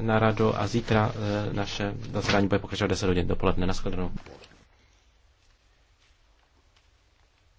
na radu a zítra eh, naše zasedání bude pokračovat 10 hodin dopoledne. Naschledanou.